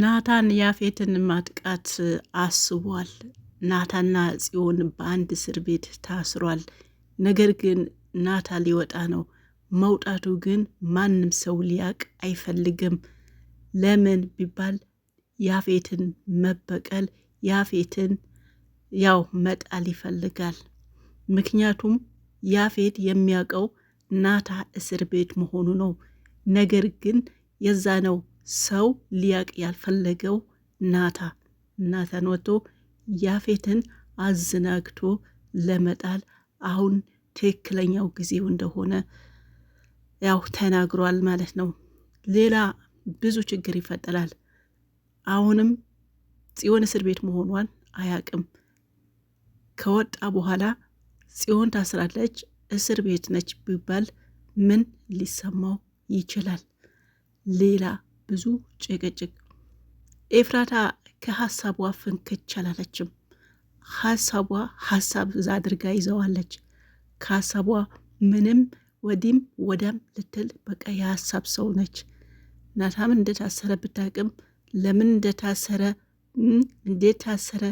ናታን ያፌትን ማጥቃት አስቧል። ናታና ጽዮን በአንድ እስር ቤት ታስሯል። ነገር ግን ናታ ሊወጣ ነው። መውጣቱ ግን ማንም ሰው ሊያቅ አይፈልግም። ለምን ቢባል ያፌትን መበቀል፣ ያፌትን ያው መጣል ይፈልጋል። ምክንያቱም ያፌት የሚያውቀው ናታ እስር ቤት መሆኑ ነው። ነገር ግን የዛ ነው ሰው ሊያቅ ያልፈለገው ናታ ናታን ወጥቶ ያፌትን አዘናግቶ ለመጣል አሁን ትክክለኛው ጊዜው እንደሆነ ያው ተናግሯል ማለት ነው። ሌላ ብዙ ችግር ይፈጠራል። አሁንም ጽዮን እስር ቤት መሆኗን አያቅም። ከወጣ በኋላ ጽዮን ታስራለች፣ እስር ቤት ነች ቢባል ምን ሊሰማው ይችላል? ሌላ ብዙ ጭቅጭቅ። ኤፍራታ ከሀሳቧ ፍንክች አላለችም። ሀሳቧ ሀሳብ እዛ አድርጋ ይዘዋለች። ከሀሳቧ ምንም ወዲም ወዳም ልትል በቃ የሀሳብ ሰው ነች። ናታምን እንደታሰረ ብታቅም ለምን እንደታሰረ እንዴት ታሰረ፣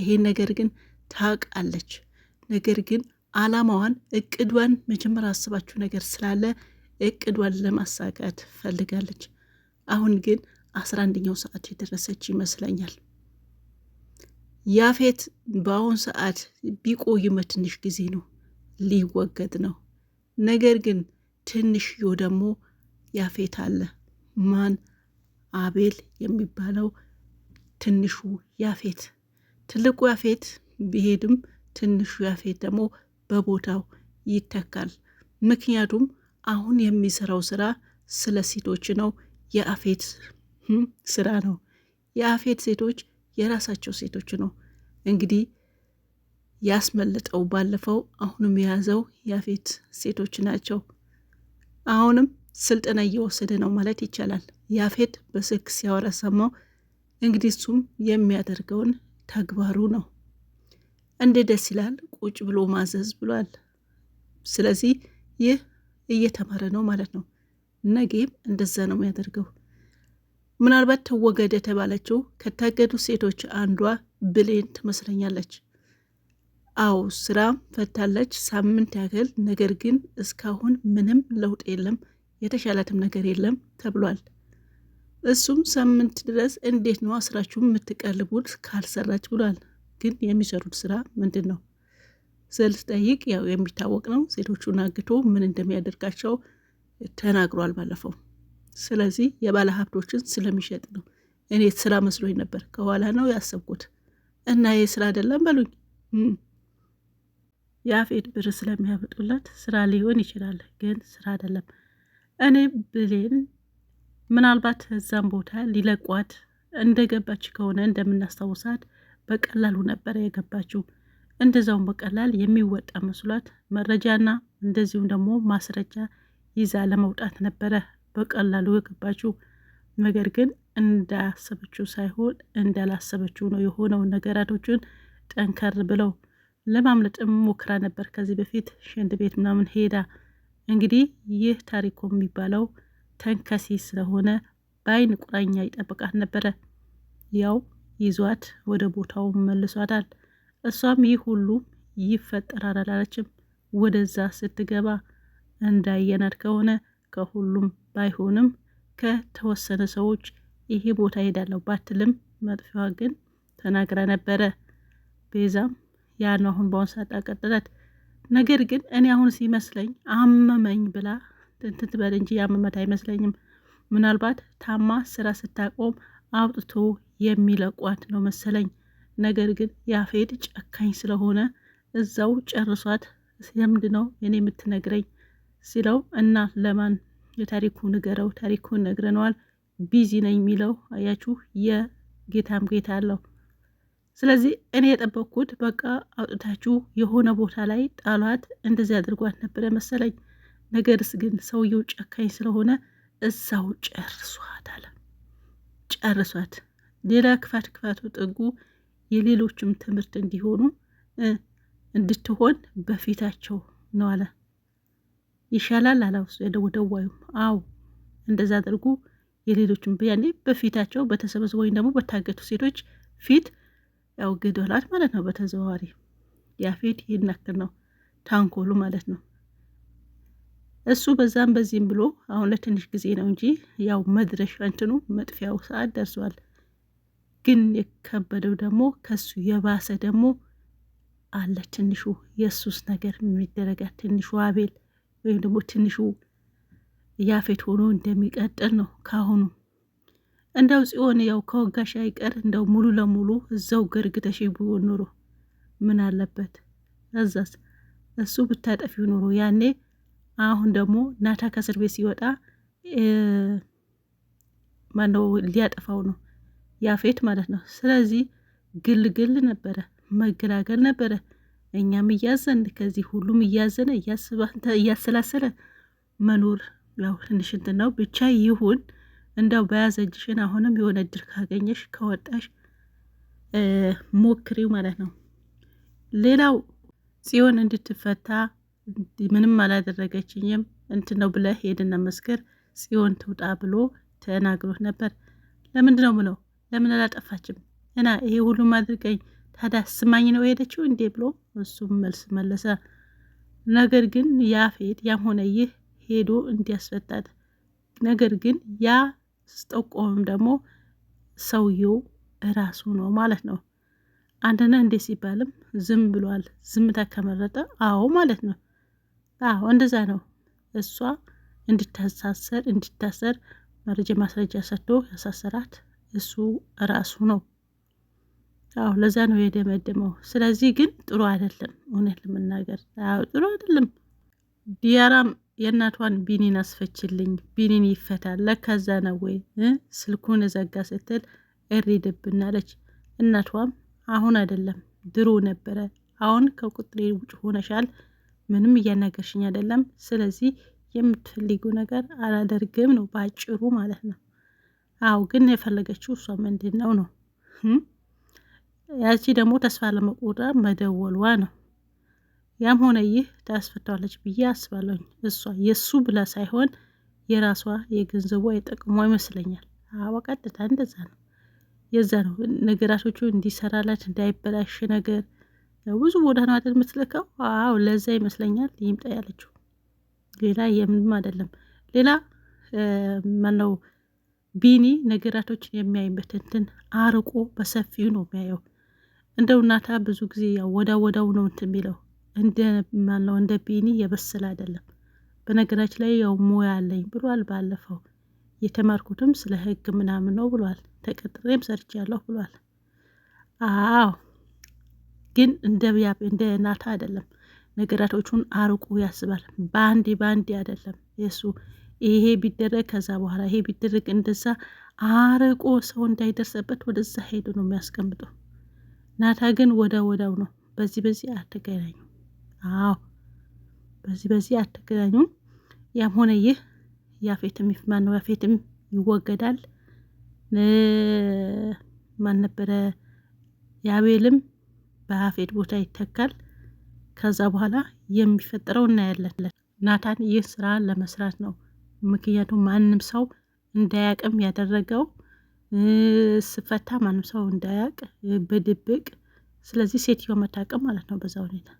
ይሄን ነገር ግን ታውቃለች። ነገር ግን አላማዋን እቅዷን መጀመር አስባችሁ ነገር ስላለ እቅዷን ለማሳካት ፈልጋለች። አሁን ግን አስራ አንደኛው ሰዓት የደረሰች ይመስለኛል። ያፌት በአሁን ሰዓት ቢቆይም ትንሽ ጊዜ ነው፣ ሊወገድ ነው። ነገር ግን ዮ ደግሞ ያፌት አለ። ማን? አቤል የሚባለው ትንሹ ያፌት። ትልቁ ያፌት ቢሄድም ትንሹ ያፌት ደግሞ በቦታው ይተካል። ምክንያቱም አሁን የሚሰራው ስራ ስለ ሴቶች ነው። የአፌት ስራ ነው። የአፌት ሴቶች የራሳቸው ሴቶች ነው። እንግዲህ ያስመለጠው ባለፈው፣ አሁንም የያዘው የአፌት ሴቶች ናቸው። አሁንም ስልጠና እየወሰደ ነው ማለት ይቻላል። የአፌት በስልክ ሲያወራ ሰማው። እንግዲህ እሱም የሚያደርገውን ተግባሩ ነው። እንደ ደስ ይላል ቁጭ ብሎ ማዘዝ ብሏል። ስለዚህ ይህ እየተማረ ነው ማለት ነው። ነገም እንደዛ ነው የሚያደርገው። ምናልባት ተወገደ የተባለችው ከታገዱ ሴቶች አንዷ ብሌን ትመስለኛለች። አዎ ስራም ፈታለች ሳምንት ያህል ነገር ግን እስካሁን ምንም ለውጥ የለም፣ የተሻላትም ነገር የለም ተብሏል። እሱም ሳምንት ድረስ እንዴት ነው ስራችሁን የምትቀልቡት ካልሰራች ብሏል። ግን የሚሰሩት ስራ ምንድን ነው ስል ጠይቅ ያው የሚታወቅ ነው። ሴቶቹን አግቶ ምን እንደሚያደርጋቸው ተናግሯል ባለፈው። ስለዚህ የባለ ሀብቶችን ስለሚሸጥ ነው። እኔ ስራ መስሎኝ ነበር፣ ከኋላ ነው ያሰብኩት እና ይህ ስራ አይደለም በሉኝ። የአፌድ ብር ስለሚያመጡለት ስራ ሊሆን ይችላል፣ ግን ስራ አይደለም። እኔ ብሌን ምናልባት እዛም ቦታ ሊለቋት እንደገባች ከሆነ እንደምናስታውሳት በቀላሉ ነበር የገባችው። እንደዛውም በቀላል የሚወጣ መስሏት መረጃና እንደዚሁም ደግሞ ማስረጃ ይዛ ለመውጣት ነበረ በቀላሉ የገባችው። ነገር ግን እንዳሰበችው ሳይሆን እንዳላሰበችው ነው የሆነውን ነገራቶችን ጠንከር ብለው ለማምለጥም ሞክራ ነበር ከዚህ በፊት ሽንት ቤት ምናምን ሄዳ። እንግዲህ ይህ ታሪኮ የሚባለው ተንከሲ ስለሆነ በአይን ቁራኛ ይጠብቃት ነበረ። ያው ይዟት ወደ ቦታው መልሷታል። እሷም ይህ ሁሉ ይፈጠራል አላለችም። ወደዛ ስትገባ እንዳየናት ከሆነ ከሁሉም ባይሆንም ከተወሰነ ሰዎች ይሄ ቦታ ሄዳለሁ ባትልም መጥፊዋ ግን ተናግራ ነበረ። ቤዛም ያን አሁን በአሁን ሰዓት አቀጠላት። ነገር ግን እኔ አሁን ሲመስለኝ አመመኝ ብላ እንትን ትበል እንጂ ያመመት አይመስለኝም። ምናልባት ታማ ስራ ስታቆም አውጥቶ የሚለቋት ነው መሰለኝ። ነገር ግን ያፌድ ጨካኝ ስለሆነ እዛው ጨርሷት። ለምንድን ነው እኔ የምትነግረኝ ሲለው እና ለማን የታሪኩ ንገረው ታሪኩን ነግረነዋል ቢዚ ነኝ የሚለው አያችሁ የጌታም ጌታ አለው ስለዚህ እኔ የጠበቅኩት በቃ አውጥታችሁ የሆነ ቦታ ላይ ጣሏት እንደዚህ አድርጓት ነበረ መሰለኝ ነገርስ ግን ሰውየው ጨካኝ ስለሆነ እዛው ጨርሷት አለ ጨርሷት ሌላ ክፋት ክፋቱ ጥጉ የሌሎችም ትምህርት እንዲሆኑ እንድትሆን በፊታቸው ነው አለ ይሻላል አላውስ ደዋዩም አው እንደዛ አድርጉ የሌሎችም ያኔ በፊታቸው በተሰበሰቡ ወይም ደግሞ በታገቱ ሴቶች ፊት ያው ግደሏት ማለት ነው። በተዘዋዋሪ ያ ፊት ያክል ነው ታንኮሉ ማለት ነው። እሱ በዛም በዚህም ብሎ አሁን ለትንሽ ጊዜ ነው እንጂ ያው መድረሻ እንትኑ መጥፊያው ሰዓት ደርሷል። ግን የከበደው ደግሞ ከሱ የባሰ ደግሞ አለ። ትንሹ የሱስ ነገር የሚደረጋት ትንሹ አቤል ወይም ደግሞ ትንሹ ያፌት ሆኖ እንደሚቀጥል ነው ካሁኑ እንደው ጽዮን ያው ከወጋሽ አይቀር እንደው ሙሉ ለሙሉ እዛው ገርግተሽ ቢሆን ኖሮ ምን አለበት? እዛስ እሱ ብታጠፊው ኖሮ ያኔ። አሁን ደግሞ ናታ ከእስር ቤት ሲወጣ ማነው ሊያጠፋው ነው? ያፌት ማለት ነው። ስለዚህ ግልግል ነበረ፣ መገላገል ነበረ። እኛም እያዘን ከዚህ ሁሉም እያዘነ እያሰላሰለ መኖር ያው ትንሽ እንትን ነው ብቻ ይሁን። እንዳው በያዘጅሽን አሁንም የሆነ እድል ካገኘሽ ከወጣሽ ሞክሪው ማለት ነው። ሌላው ጽዮን እንድትፈታ ምንም አላደረገችኝም እንትን ነው ብለ ሄድና መስክር ጽዮን ትውጣ ብሎ ተናግሮት ነበር። ለምንድን ነው ብለው ለምን አላጠፋችም እና ይሄ ሁሉም አድርገኝ ታዲያ ስማኝ ነው የሄደችው እንዴ ብሎ እሱም መልስ መለሰ። ነገር ግን ያፌድ ያም ሆነ ይህ ሄዶ እንዲያስፈታት ነገር ግን ያ ስጠቆምም ደግሞ ሰውየው እራሱ ነው ማለት ነው። አንድና እንዴ ሲባልም ዝም ብሏል። ዝምታ ከመረጠ አዎ ማለት ነው። አዎ እንደዛ ነው። እሷ እንድታሳሰር እንድታሰር መረጃ ማስረጃ ሰጥቶ ያሳሰራት እሱ እራሱ ነው። አዎ ለዛ ነው የደመደመው። ስለዚህ ግን ጥሩ አይደለም፣ እውነት ለመናገር ጥሩ አይደለም። ዲያራም የእናቷን ቢኒን አስፈችልኝ፣ ቢኒን ይፈታል። ለከዛ ነው ወይ ስልኩን ዘጋ ስትል እሪ ድብናለች። እናቷም አሁን አይደለም ድሮ ነበረ፣ አሁን ከቁጥሬ ውጭ ሆነሻል፣ ምንም እያናገርሽኝ አይደለም። ስለዚህ የምትፈልጉ ነገር አላደርግም ነው በአጭሩ ማለት ነው። አዎ ግን የፈለገችው እሷ ምንድን ነው ነው ያቺ ደግሞ ተስፋ ለመቁረጥ መደወሏ ነው። ያም ሆነ ይህ ታስፈታዋለች ብዬ አስባለሁኝ። እሷ የእሱ ብላ ሳይሆን የራሷ የገንዘቧ የጠቅሟ ይመስለኛል። አዎ ቀጥታ እንደዛ ነው። የዛ ነው ነገራቶቹ እንዲሰራላት እንዳይበላሽ ነገር ብዙ ቦታ ነው አይደል የምትልከው? አዎ ለዛ ይመስለኛል ይምጣ ያለችው። ሌላ የምንም አይደለም። ሌላ ማነው ቢኒ ነገራቶችን የሚያይበት እንትን አርቆ በሰፊው ነው የሚያየው። እንደው እናታ ብዙ ጊዜ ያው ወዳ ወዳው ነው እንትን የሚለው እንደ ማነው እንደ ቢኒ የበሰለ አይደለም። በነገራችን ላይ ያው ሙያ አለኝ ብሏል። ባለፈው የተማርኩትም ስለ ህግ ምናምን ነው ብሏል። ተቀጥሬም ሰርቻለሁ ብሏል። አዎ ግን እንደ እንደ ናታ አይደለም። ነገራቶቹን አርቆ ያስባል። በአንዴ በአንዴ አይደለም የእሱ ይሄ ቢደረግ ከዛ በኋላ ይሄ ቢደረግ እንደዛ አርቆ ሰው እንዳይደርሰበት ወደዛ ሄዱ ነው የሚያስቀምጠው። ናታ ግን ወዳ ወዳው ነው። በዚህ በዚህ አትገናኙ። አዎ በዚህ በዚህ አትገናኙ። ያም ሆነ ይህ ያፌትም ይፍማን ነው ያፌትም ይወገዳል። ማን ነበረ ያቤልም በአፌድ ቦታ ይተካል። ከዛ በኋላ የሚፈጠረው እናያለን። ናታን ይህ ስራ ለመስራት ነው። ምክንያቱም ማንም ሰው እንዳያቅም ያደረገው ስፈታ ማንም ሰው እንዳያውቅ በድብቅ ስለዚህ ሴትዮ መታቀም ማለት ነው። በዛ ሁኔታ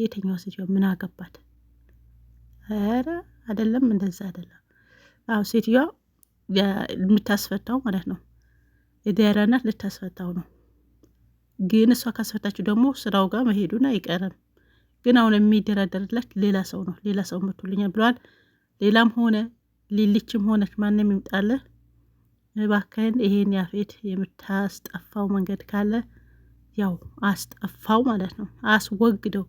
የትኛው ሴትዮ ምን አገባት? ኧረ አይደለም፣ እንደዛ አይደለም። አዎ ሴትዮዋ የምታስፈታው ማለት ነው፣ የደረናት ልታስፈታው ነው። ግን እሷ ካስፈታችሁ ደግሞ ስራው ጋር መሄዱን አይቀርም። ግን አሁን የሚደረደርላት ሌላ ሰው ነው። ሌላ ሰው መቶልኛል ብለዋል። ሌላም ሆነ ሊልችም ሆነች ማንም ይምጣለህ እባክህን ይሄን ያፌት የምታስጠፋው መንገድ ካለ ያው አስጠፋው ማለት ነው። አስወግደው፣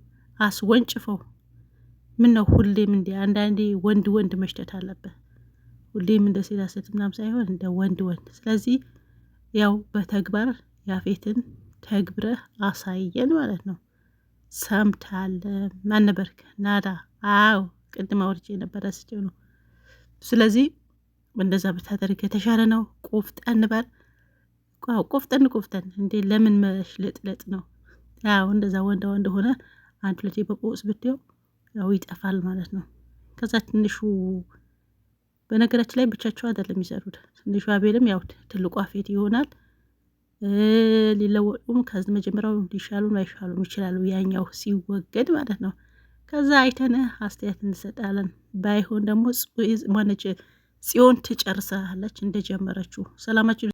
አስወንጭፈው። ምን ነው ሁሌም እንዲ አንዳንዴ ወንድ ወንድ መሽተት አለበ ሁሌም እንደ ሴት ሴት ምናምን ሳይሆን እንደ ወንድ ወንድ። ስለዚህ ያው በተግባር ያፌትን ተግብረህ አሳየን ማለት ነው። ሰምታለ ማን ነበርክ? ናዳ። አዎ ቅድም አውርቼ የነበረ ስጭው ነው። ስለዚህ እንደዛ ብታደርግ የተሻለ ነው። ቆፍጠን በል ቆፍጠን ቆፍጠን እንዴ ለምን መሽለጥለጥ ነው? ያው እንደዛ ወንደ ወንድ ሆነ አንድ ሁለት በቆስ ብትው ያው ይጠፋል ማለት ነው። ከዛ ትንሹ በነገራችን ላይ ብቻቸው አይደለም የሚሰሩት። ትንሹ አቤልም ያው ትልቁ አፌት ይሆናል። ሊለወጡም ከዚ መጀመሪያው ሊሻሉ ላይሻሉም ይችላሉ። ያኛው ሲወገድ ማለት ነው። ከዛ አይተን አስተያየት እንሰጣለን። ባይሆን ደግሞ ማነች ጽዮን ትጨርሳለች እንደጀመረችው። ሰላማችሁ